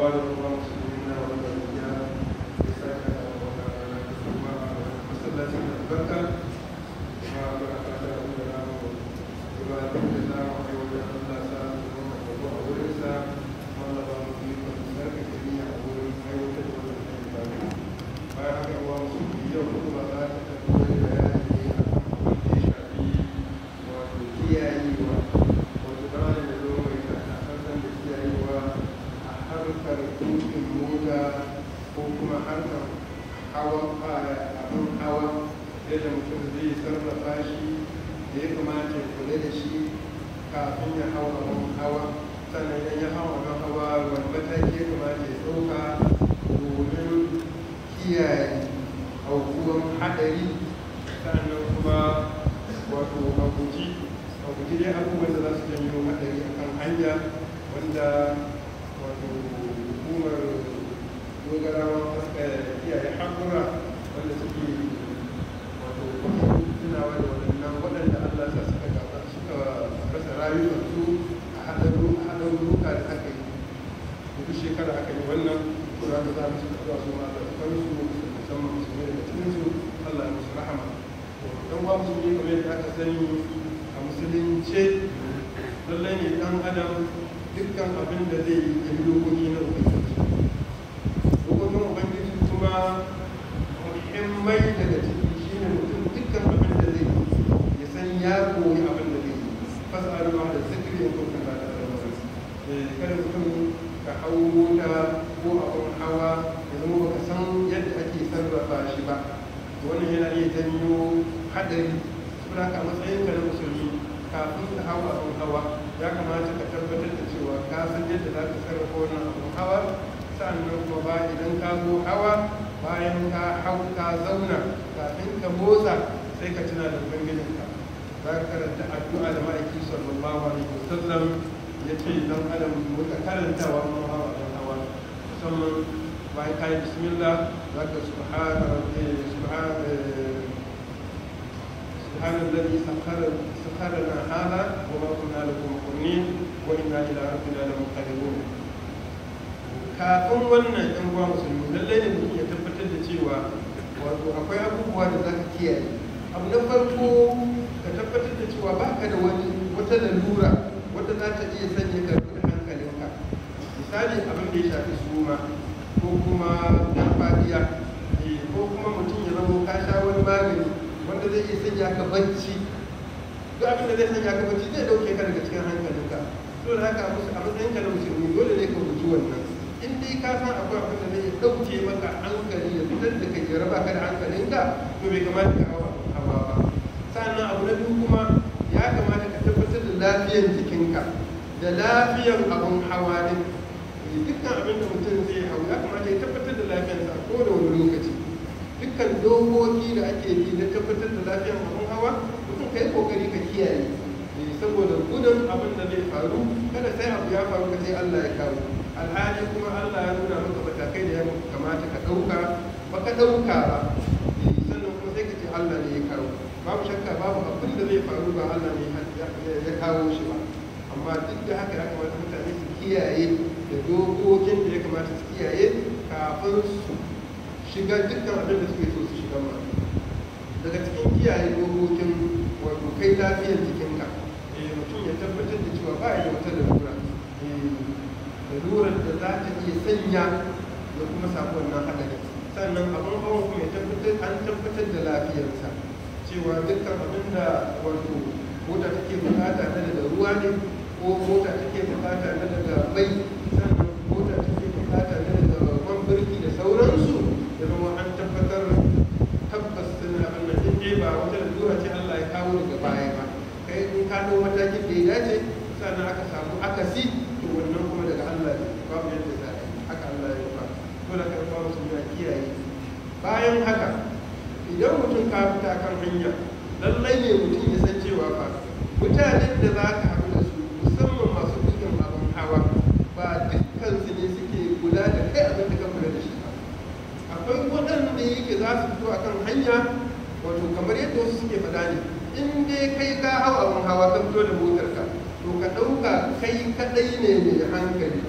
разговаривал harkar tukin mota ko kuma harkar hawan eh, abin hawa yadda mutum zai sarrafa shi da ya kamata kula da shi kafin ya hawa hawa sannan ya hawa hawa duk shekara aka yi wannan ko da za mu cika zuwa su ma da kansu musamman musulmai daga cikin su Allah ya musu rahama dan ba musulmi kamar yadda aka sani a musulunce lallai ne dan adam dukkan abin da zai yi hau mota ko abin hawa ya zama baka san yadda ake sarrafa shi ba wannan yana iya janyo haɗari saboda ka matsayin ka na musulmi kafin ka hau abin hawa ya kamata ka tabbatar da cewa ka san yadda za ka sarrafa wannan abin hawa sannan kuma ba idan ka zo hawa bayan ka hau ka zauna kafin ka motsa sai ka tuna da ubangijinka za ka karanta addu'a da ma'aiki sallallahu alaihi wasallam ya ce dan adam muka karantawa musamman bayan kayi bismillah za ka wa ma da kuma wa ila rabbina wannan ɗan uwa musulmi ne mu iya tabbatar da cewa wato akwai abubuwa da kiyaye abu na farko ka tabbatar da cewa da wani wata lalura wata za ta iya sanya ka misali abin da ya shafi suma ko kuma farfadiya eh, ko kuma mutum ya zama ka sha wani magani wanda zai iya sanya ka bacci duk abin da zai sanya ka bacci zai dauke ka daga cikin hankalinka to da haka a da ka da musulmi dole ne ka guji wannan in dai ka san akwai abin da zai dauke maka hankali ya fitar da kai ya raba ka da hankalinka to bai kamata ka hawa ba sannan abu na biyu kuma ya kamata ka tabbatar da lafiyar jikinka da lafiyar abun hawa ne dukkan abin da mutum zai hau ya kamata ya tabbatar da sa ko da wani lokaci dukkan dokoki da ake bi na tabbatar da lafiyar abin hawa mutum kai kokari ka kiyaye eh, saboda gudun abin da zai faru kada sai abu ya faru ka ce Allah ya kawo alhali kuma Allah ya nuna maka matakai da ya kamata ka ɗauka ba ka ɗauka ba eh, sannan kuma sai ka ce Allah ne ya kawo babu shakka babu abin da zai faru ba Allah ne ya kawo shi ba amma duk da haka ya kamata mutane su kiyaye da dokokin da ya kamata su kiyaye kafin su shiga dukkan abin da suke so su shiga ma daga cikin kiyaye dokokin wato kai lafiyar jikinka mutum ya tabbatar da cewa ba ya da wata lalura lalurar da za ta iya sanya ya kuma samu wannan hadarin sannan abin hawan kuma an tabbatar da lafiyarsa cewa dukkan abin da wato mota take bukata na daga ruwa ne ko mota take bukata na daga bai. bayan haka idan mutum ka fita kan hanya lallai ne mutum ya san cewa ba mutanen da za ka haɗu da su musamman masu kuɗin abin hawa ba dukkan su ne suke kula da kai abin da ka da shi ba akwai waɗanda yake za su fito akan hanya wato kamar yadda wasu suke faɗa ne in dai kai ka hau abin hawa ka fito da motar ka to ka ɗauka kai kaɗai ne mai hankali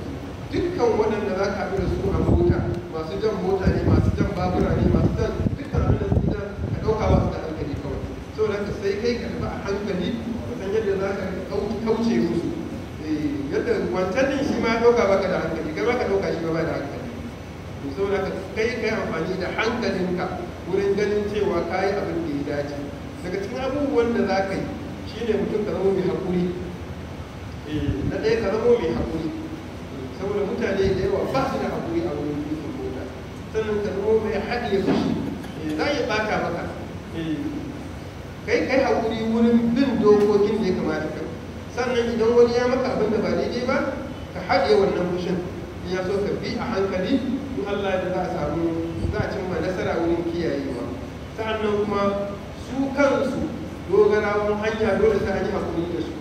dukkan waɗanda za ka haɗu da su a mota masu jan mota ne masu turare masu zan duk turare su da ka ɗauka ba su da hankali kawai saboda haka sai kai ka tafi a hankali ka san yadda za ka kauce musu eh, yadda wancan din shi ma ɗauka ba ka da hankali kai ba ka ɗauka shi ba da hankali to saboda ka kai kai amfani da hankalinka wurin ganin cewa ka yi abin da ya dace daga cikin abubuwan da za ka yi shi ne mutum ka zama mai haƙuri eh, na ɗaya ka zama mai haƙuri saboda mutane da yawa ba su da haƙuri a wurin sannan ka zama mai ya fushi za ya ɓata maka kai kai haƙuri wurin bin dokokin da ya kamata ka sannan idan wani ya maka abin da ba daidai ba ka haɗe wannan fushin ya so ka bi a hankali in Allah da za a samu za a cimma nasara wurin kiyayewa sannan kuma su kansu dogarawan hanya dole sai an yi haƙuri da su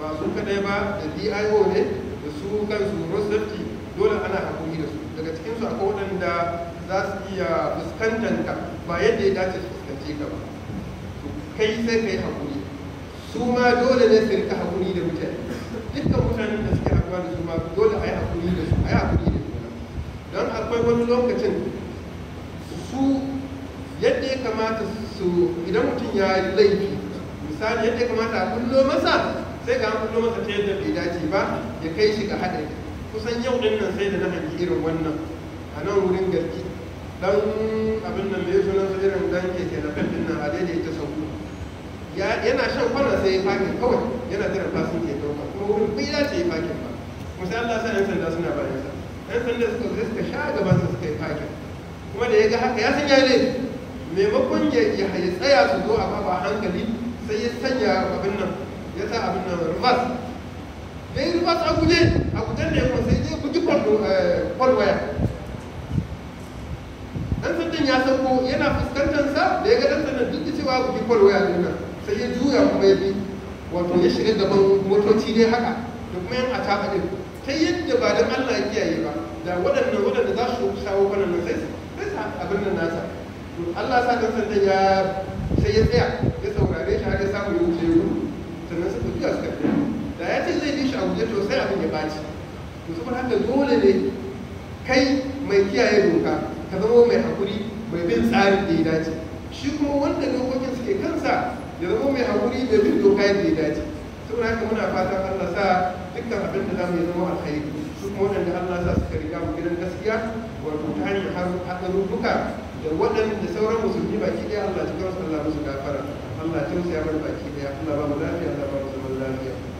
ba su kadai ba da dio ne da su kansu rosati dole ana haƙuri da su daga cikinsu akwai da za su iya fuskantar ka ba yadda ya dace su fuskance ka ba kai sai kai hakuri su ma dole ne su rika hakuri da mutane dukkan mutanen da suke hakuwa da su ma dole a yi hakuri da su a yi hakuri da su don akwai wani lokacin su yadda ya kamata su idan mutum ya yi laifi misali yadda ya kamata a kullo masa sai ga an kullo masa ta yadda bai dace ba ya kai shi ga haɗari kusan yau ɗin nan sai da na hangi irin wannan a nan wurin garki dan abin nan mai sunan su irin dan keke na fin nan a daidai ta sauku yana shan kwana sai ya fakin kawai yana jiran fasin ke wuka kuma wurin bai dace ya fakin ba musa Allah sa yan sanda suna bayan sa yan sanda suka zo suka sha gaban su suka yi fakin kuma da ya ga haka ya san ya ne maimakon ya ya tsaya su zo a baba hankali sai ya sanya abin nan ya sa abin nan rufas bai rufas a guje a guje ne kuma sai ya bugi kwallo kwal waya duka sai ya juya kuma ya bi wato ya shiga gaban motoci dai haka da kuma yan ataba din ta yadda ba don Allah ya kiyaye ba da waɗannan waɗanda za su shawo kwanan nan sai sa abin nan nasa Allah sa kan san ya sai ya tsaya ya saurare shi har ya samu ya wuce ruwa sannan su tafiya suka tafiya da ya ce zai bi shi a guje to sai abin ya baci to saboda haka dole ne kai mai kiyaye doka ka zama mai hakuri mai bin tsarin da ya dace shi kuma wanda dokokin suke kansa ya zama mai haƙuri da bin doka yadda ya dace saboda haka muna fatan Allah sa dukkan abin da za mu yi zama alkhairi su kuma wanda Allah sa suka riga mu gidan gaskiya wato ta hanyar buka da waɗanda sauran musulmi baki ɗaya Allah cikin wasu Allah musu gafara Allah tausaya mana baki ɗaya Allah ba mu lafiya Allah ba mu zama lafiya